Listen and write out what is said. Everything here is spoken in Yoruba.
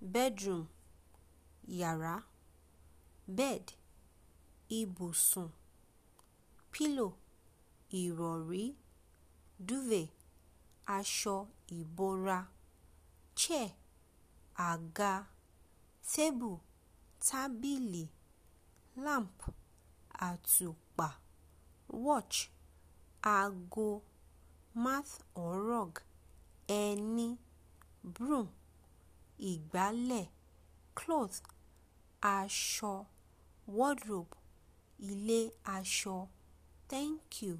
bedroom yàrá bed ibùsùn pillow ìrọ̀rí duvet aṣọ ìbora chair àga table tábìlì lamp àtùpà watch aago mouth or rug ẹní broom ìgbálẹ̀, cloth, aṣọ, wardrobe, ilé aṣọ. Thank you.